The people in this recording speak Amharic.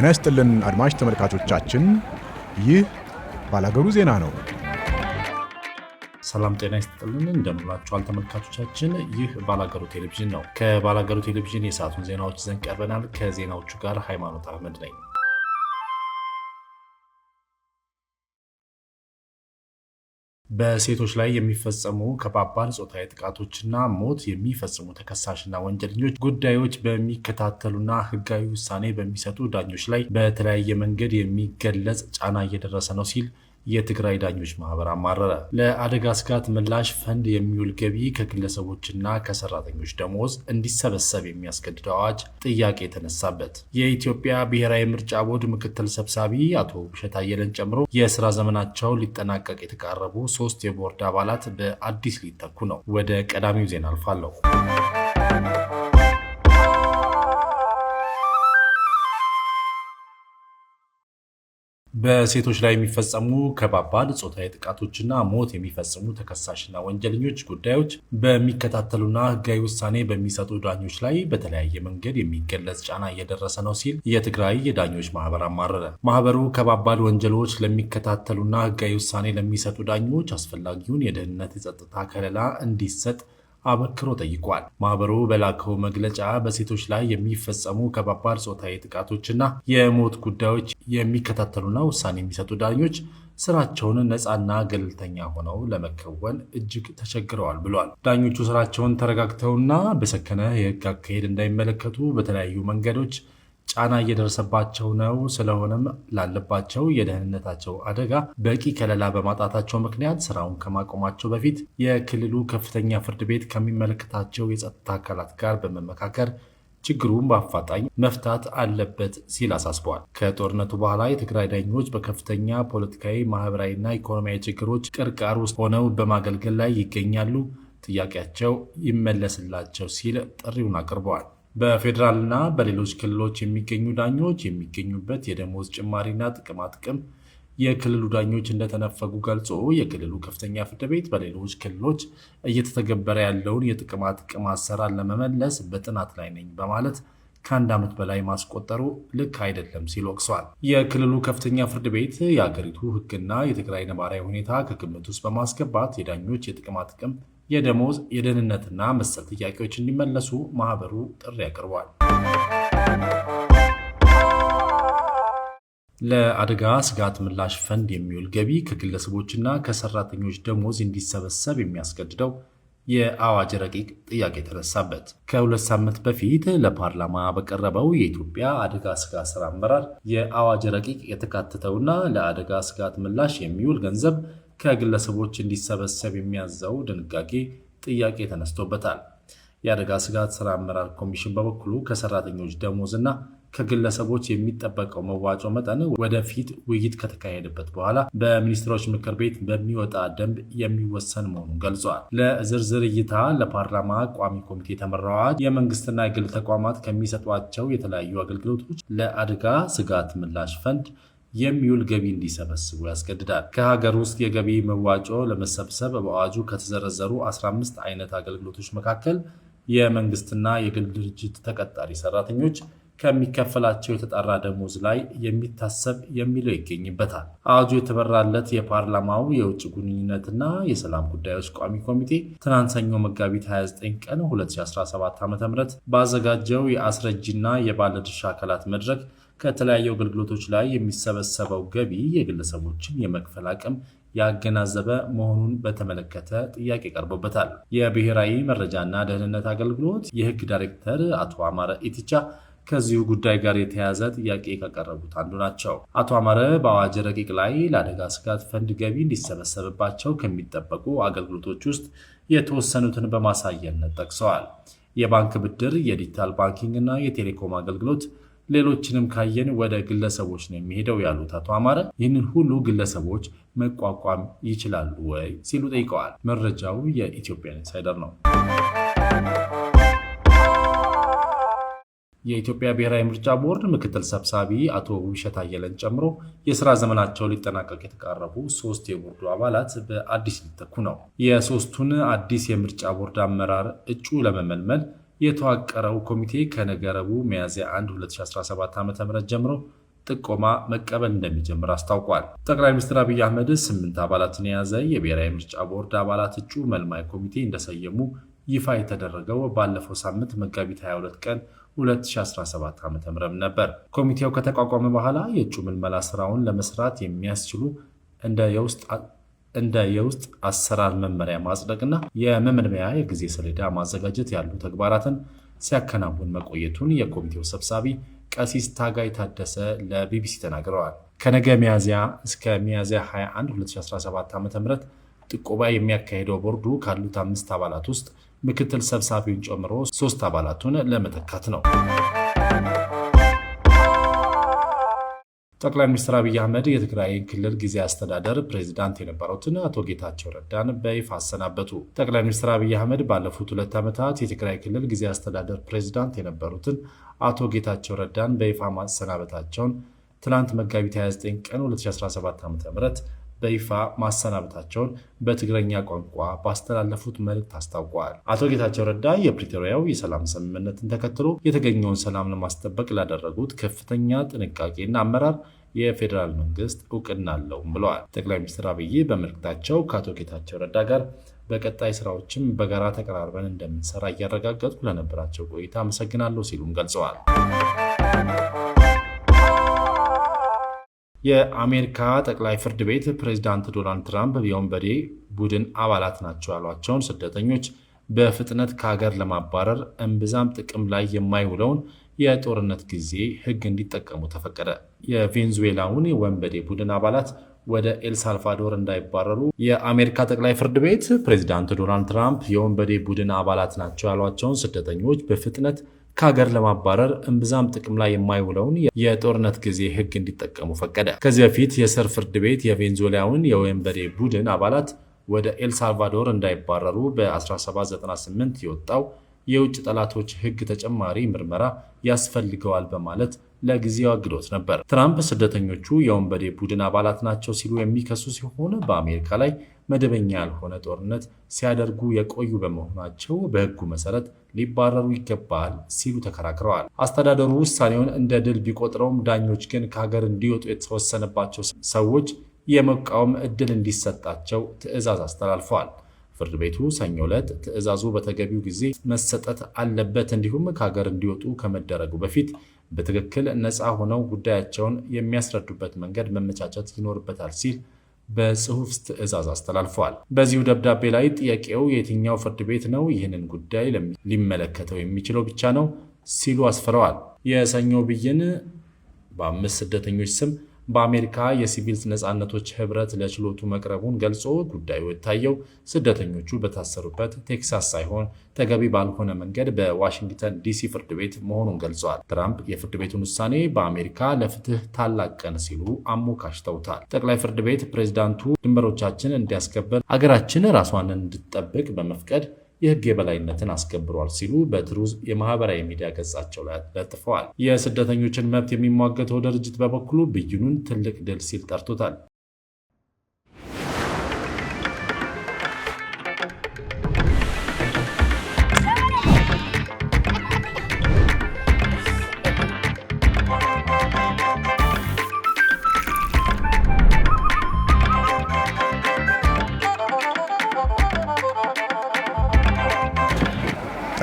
ጤና ይስጥልን አድማጭ ተመልካቾቻችን፣ ይህ ባላገሩ ዜና ነው። ሰላም ጤና ይስጥልን እንደምላችኋል ተመልካቾቻችን፣ ይህ ባላገሩ ቴሌቪዥን ነው። ከባላገሩ ቴሌቪዥን የሰዓቱን ዜናዎች ይዘን ቀርበናል። ከዜናዎቹ ጋር ሃይማኖት አህመድ ነኝ። በሴቶች ላይ የሚፈጸሙ ከባባድ ጾታዊ ጥቃቶችና ሞት የሚፈጽሙ ተከሳሽና ወንጀለኞች ጉዳዮች በሚከታተሉና ሕጋዊ ውሳኔ በሚሰጡ ዳኞች ላይ በተለያየ መንገድ የሚገለጽ ጫና እየደረሰ ነው ሲል የትግራይ ዳኞች ማህበር አማረረ። ለአደጋ ስጋት ምላሽ ፈንድ የሚውል ገቢ ከግለሰቦችና ከሰራተኞች ደሞዝ እንዲሰበሰብ የሚያስገድድ አዋጅ ጥያቄ የተነሳበት የኢትዮጵያ ብሔራዊ ምርጫ ቦርድ ምክትል ሰብሳቢ አቶ ውብሸት አየለን ጨምሮ የስራ ዘመናቸው ሊጠናቀቅ የተቃረቡ ሶስት የቦርድ አባላት በአዲስ ሊተኩ ነው። ወደ ቀዳሚው ዜና አልፋለሁ። በሴቶች ላይ የሚፈጸሙ ከባባድ ጾታዊ ጥቃቶችና ሞት የሚፈጽሙ ተከሳሽና ወንጀለኞች ጉዳዮች በሚከታተሉና ሕጋዊ ውሳኔ በሚሰጡ ዳኞች ላይ በተለያየ መንገድ የሚገለጽ ጫና እየደረሰ ነው ሲል የትግራይ የዳኞች ማህበር አማረረ። ማህበሩ ከባባድ ወንጀሎች ለሚከታተሉና ሕጋዊ ውሳኔ ለሚሰጡ ዳኞች አስፈላጊውን የደህንነት የጸጥታ ከለላ እንዲሰጥ አበክሮ ጠይቋል። ማህበሩ በላከው መግለጫ በሴቶች ላይ የሚፈጸሙ ከባባድ ጾታዊ ጥቃቶችና የሞት ጉዳዮች የሚከታተሉና ውሳኔ የሚሰጡ ዳኞች ስራቸውን ነፃና ገለልተኛ ሆነው ለመከወን እጅግ ተቸግረዋል ብሏል። ዳኞቹ ስራቸውን ተረጋግተውና በሰከነ የህግ አካሄድ እንዳይመለከቱ በተለያዩ መንገዶች ጫና እየደረሰባቸው ነው። ስለሆነም ላለባቸው የደህንነታቸው አደጋ በቂ ከለላ በማጣታቸው ምክንያት ስራውን ከማቆማቸው በፊት የክልሉ ከፍተኛ ፍርድ ቤት ከሚመለከታቸው የጸጥታ አካላት ጋር በመመካከር ችግሩን በአፋጣኝ መፍታት አለበት ሲል አሳስበዋል። ከጦርነቱ በኋላ የትግራይ ዳኞች በከፍተኛ ፖለቲካዊ፣ ማህበራዊና ኢኮኖሚያዊ ችግሮች ቅርቃር ውስጥ ሆነው በማገልገል ላይ ይገኛሉ። ጥያቄያቸው ይመለስላቸው ሲል ጥሪውን አቅርበዋል። በፌዴራልና በሌሎች ክልሎች የሚገኙ ዳኞች የሚገኙበት የደሞዝ ጭማሪና ጥቅማጥቅም የክልሉ ዳኞች እንደተነፈጉ ገልጾ የክልሉ ከፍተኛ ፍርድ ቤት በሌሎች ክልሎች እየተተገበረ ያለውን የጥቅማጥቅም አሰራር ለመመለስ በጥናት ላይ ነኝ በማለት ከአንድ ዓመት በላይ ማስቆጠሩ ልክ አይደለም ሲል ወቅሷል። የክልሉ ከፍተኛ ፍርድ ቤት የአገሪቱ ሕግና የትግራይ ነባራዊ ሁኔታ ከግምት ውስጥ በማስገባት የዳኞች የጥቅማጥቅም የደሞዝ የደህንነትና መሰል ጥያቄዎች እንዲመለሱ ማህበሩ ጥሪ አቅርቧል። ለአደጋ ስጋት ምላሽ ፈንድ የሚውል ገቢ ከግለሰቦችና ከሰራተኞች ደሞዝ እንዲሰበሰብ የሚያስገድደው የአዋጅ ረቂቅ ጥያቄ የተነሳበት ከሁለት ሳምንት በፊት ለፓርላማ በቀረበው የኢትዮጵያ አደጋ ስጋት ስራ አመራር የአዋጅ ረቂቅ የተካተተውና ለአደጋ ስጋት ምላሽ የሚውል ገንዘብ ከግለሰቦች እንዲሰበሰብ የሚያዘው ድንጋጌ ጥያቄ ተነስቶበታል። የአደጋ ስጋት ስራ አመራር ኮሚሽን በበኩሉ ከሰራተኞች ደሞዝ እና ከግለሰቦች የሚጠበቀው መዋጮ መጠን ወደፊት ውይይት ከተካሄደበት በኋላ በሚኒስትሮች ምክር ቤት በሚወጣ ደንብ የሚወሰን መሆኑን ገልጿል። ለዝርዝር እይታ ለፓርላማ ቋሚ ኮሚቴ የተመራው የመንግስትና የግል ተቋማት ከሚሰጧቸው የተለያዩ አገልግሎቶች ለአደጋ ስጋት ምላሽ ፈንድ የሚውል ገቢ እንዲሰበስቡ ያስገድዳል። ከሀገር ውስጥ የገቢ መዋጮ ለመሰብሰብ በአዋጁ ከተዘረዘሩ 15 አይነት አገልግሎቶች መካከል የመንግስትና የግል ድርጅት ተቀጣሪ ሰራተኞች ከሚከፈላቸው የተጣራ ደሞዝ ላይ የሚታሰብ የሚለው ይገኝበታል። አዋጁ የተበራለት የፓርላማው የውጭ ግንኙነትና የሰላም ጉዳዮች ቋሚ ኮሚቴ ትናንት ሰኞ መጋቢት 29 ቀን 2017 ዓ ም ባዘጋጀው የአስረጅና የባለድርሻ አካላት መድረክ ከተለያዩ አገልግሎቶች ላይ የሚሰበሰበው ገቢ የግለሰቦችን የመክፈል አቅም ያገናዘበ መሆኑን በተመለከተ ጥያቄ ቀርቦበታል። የብሔራዊ መረጃና ደህንነት አገልግሎት የህግ ዳይሬክተር አቶ አማረ ኢትቻ ከዚሁ ጉዳይ ጋር የተያያዘ ጥያቄ ካቀረቡት አንዱ ናቸው። አቶ አማረ በአዋጅ ረቂቅ ላይ ለአደጋ ስጋት ፈንድ ገቢ እንዲሰበሰብባቸው ከሚጠበቁ አገልግሎቶች ውስጥ የተወሰኑትን በማሳየነት ጠቅሰዋል። የባንክ ብድር፣ የዲጂታል ባንኪንግ እና የቴሌኮም አገልግሎት ሌሎችንም ካየን ወደ ግለሰቦች ነው የሚሄደው ያሉት አቶ አማረ ይህንን ሁሉ ግለሰቦች መቋቋም ይችላሉ ወይ ሲሉ ጠይቀዋል። መረጃው የኢትዮጵያን ኢንሳይደር ነው። የኢትዮጵያ ብሔራዊ ምርጫ ቦርድ ምክትል ሰብሳቢ አቶ ውብሸት አየለን ጨምሮ የስራ ዘመናቸው ሊጠናቀቅ የተቃረቡ ሶስት የቦርዱ አባላት በአዲስ ሊተኩ ነው። የሶስቱን አዲስ የምርጫ ቦርድ አመራር እጩ ለመመልመል የተዋቀረው ኮሚቴ ከነገ ረቡዕ ሚያዝያ 1 2017 ዓ ም ጀምሮ ጥቆማ መቀበል እንደሚጀምር አስታውቋል። ጠቅላይ ሚኒስትር አብይ አህመድ ስምንት አባላትን የያዘ የብሔራዊ ምርጫ ቦርድ አባላት እጩ መልማይ ኮሚቴ እንደሰየሙ ይፋ የተደረገው ባለፈው ሳምንት መጋቢት 22 ቀን 2017 ዓ ም ነበር። ኮሚቴው ከተቋቋመ በኋላ የእጩ ምልመላ ስራውን ለመስራት የሚያስችሉ እንደ የውስጥ እንደ የውስጥ አሰራር መመሪያ ማጽደቅና የመመንመያ የጊዜ ሰሌዳ ማዘጋጀት ያሉ ተግባራትን ሲያከናውን መቆየቱን የኮሚቴው ሰብሳቢ ቀሲስ ታጋይ ታደሰ ለቢቢሲ ተናግረዋል። ከነገ ሚያዝያ እስከ ሚያዝያ 21 2017 ዓ ም ጥቆባ የሚያካሄደው ቦርዱ ካሉት አምስት አባላት ውስጥ ምክትል ሰብሳቢውን ጨምሮ ሶስት አባላቱን ለመተካት ነው። ጠቅላይ ሚኒስትር አብይ አህመድ የትግራይ ክልል ጊዜ አስተዳደር ፕሬዚዳንት የነበሩትን አቶ ጌታቸው ረዳን በይፋ አሰናበቱ። ጠቅላይ ሚኒስትር አብይ አህመድ ባለፉት ሁለት ዓመታት የትግራይ ክልል ጊዜ አስተዳደር ፕሬዚዳንት የነበሩትን አቶ ጌታቸው ረዳን በይፋ ማሰናበታቸውን ትናንት መጋቢት 29 ቀን 2017 ዓ.ም በይፋ ማሰናበታቸውን በትግረኛ ቋንቋ ባስተላለፉት መልእክት አስታውቀዋል። አቶ ጌታቸው ረዳ የፕሪቶሪያው የሰላም ስምምነትን ተከትሎ የተገኘውን ሰላም ለማስጠበቅ ላደረጉት ከፍተኛ ጥንቃቄና አመራር የፌዴራል መንግስት እውቅና አለውም ብለዋል። ጠቅላይ ሚኒስትር አብይ በመልእክታቸው ከአቶ ጌታቸው ረዳ ጋር በቀጣይ ስራዎችም በጋራ ተቀራርበን እንደምንሰራ እያረጋገጡ ለነበራቸው ቆይታ አመሰግናለሁ ሲሉም ገልጸዋል። የአሜሪካ ጠቅላይ ፍርድ ቤት ፕሬዚዳንት ዶናልድ ትራምፕ የወንበዴ ቡድን አባላት ናቸው ያሏቸውን ስደተኞች በፍጥነት ከሀገር ለማባረር እምብዛም ጥቅም ላይ የማይውለውን የጦርነት ጊዜ ሕግ እንዲጠቀሙ ተፈቀደ። የቬንዙዌላውን የወንበዴ ቡድን አባላት ወደ ኤልሳልቫዶር እንዳይባረሩ የአሜሪካ ጠቅላይ ፍርድ ቤት ፕሬዚዳንት ዶናልድ ትራምፕ የወንበዴ ቡድን አባላት ናቸው ያሏቸውን ስደተኞች በፍጥነት ከሀገር ለማባረር እምብዛም ጥቅም ላይ የማይውለውን የጦርነት ጊዜ ህግ እንዲጠቀሙ ፈቀደ። ከዚህ በፊት የስር ፍርድ ቤት የቬንዙዌላውን የወንበዴ ቡድን አባላት ወደ ኤልሳልቫዶር እንዳይባረሩ በ1798 የወጣው የውጭ ጠላቶች ህግ ተጨማሪ ምርመራ ያስፈልገዋል በማለት ለጊዜው አግዶት ነበር። ትራምፕ ስደተኞቹ የወንበዴ ቡድን አባላት ናቸው ሲሉ የሚከሱ ሲሆን በአሜሪካ ላይ መደበኛ ያልሆነ ጦርነት ሲያደርጉ የቆዩ በመሆናቸው በሕጉ መሰረት ሊባረሩ ይገባል ሲሉ ተከራክረዋል። አስተዳደሩ ውሳኔውን እንደ ድል ቢቆጥረውም ዳኞች ግን ከሀገር እንዲወጡ የተወሰነባቸው ሰዎች የመቃወም ዕድል እንዲሰጣቸው ትዕዛዝ አስተላልፈዋል። ፍርድ ቤቱ ሰኞ ዕለት ትዕዛዙ በተገቢው ጊዜ መሰጠት አለበት፣ እንዲሁም ከሀገር እንዲወጡ ከመደረጉ በፊት በትክክል ነፃ ሆነው ጉዳያቸውን የሚያስረዱበት መንገድ መመቻቸት ይኖርበታል ሲል በጽሑፍ ትዕዛዝ አስተላልፈዋል። በዚሁ ደብዳቤ ላይ ጥያቄው የትኛው ፍርድ ቤት ነው ይህንን ጉዳይ ሊመለከተው የሚችለው ብቻ ነው ሲሉ አስፍረዋል። የሰኞ ብይን በአምስት ስደተኞች ስም በአሜሪካ የሲቪል ነፃነቶች ህብረት ለችሎቱ መቅረቡን ገልጾ ጉዳዩ የታየው ስደተኞቹ በታሰሩበት ቴክሳስ ሳይሆን ተገቢ ባልሆነ መንገድ በዋሽንግተን ዲሲ ፍርድ ቤት መሆኑን ገልጿል። ትራምፕ የፍርድ ቤቱን ውሳኔ በአሜሪካ ለፍትህ ታላቅ ቀን ሲሉ አሞካሽተውታል። ጠቅላይ ፍርድ ቤት ፕሬዚዳንቱ ድንበሮቻችን እንዲያስከበር አገራችን ራሷን እንድትጠብቅ በመፍቀድ የህግ የበላይነትን አስከብሯል ሲሉ በትሩዝ የማህበራዊ ሚዲያ ገጻቸው ላይ ለጥፈዋል። የስደተኞችን መብት የሚሟገተው ድርጅት በበኩሉ ብይኑን ትልቅ ድል ሲል ጠርቶታል።